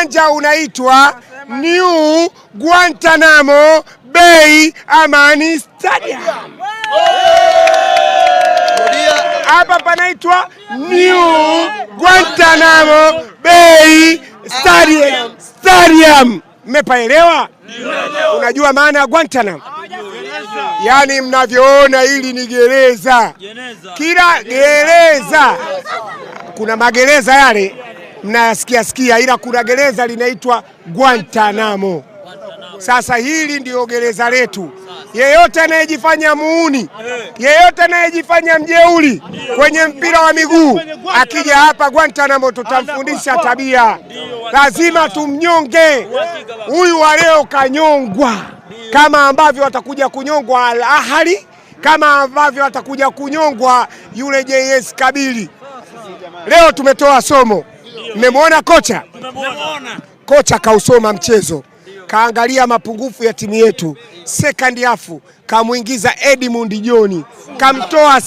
uwanja unaitwa New Guantanamo Bay Amani Stadium. Hapa panaitwa New Guantanamo Bay Stadium. Stadium. Mmepaelewa? Unajua maana ya Guantanamo? Yaani mnavyoona hili ni gereza. Kila gereza kuna magereza yale mnayasikia sikia, ila kuna gereza linaitwa Guantanamo. Sasa hili ndiyo gereza letu. Yeyote anayejifanya muuni, yeyote anayejifanya mjeuri kwenye mpira wa miguu, akija hapa Guantanamo tutamfundisha tabia. Lazima tumnyonge huyu wa leo, kanyongwa kama ambavyo watakuja kunyongwa Al Ahly, kama ambavyo watakuja kunyongwa yule JS Kabili. Leo tumetoa somo Mmemwona kocha? Kocha kausoma mchezo, kaangalia mapungufu ya timu yetu. Second half kamwingiza Edmund Joni, kamtoa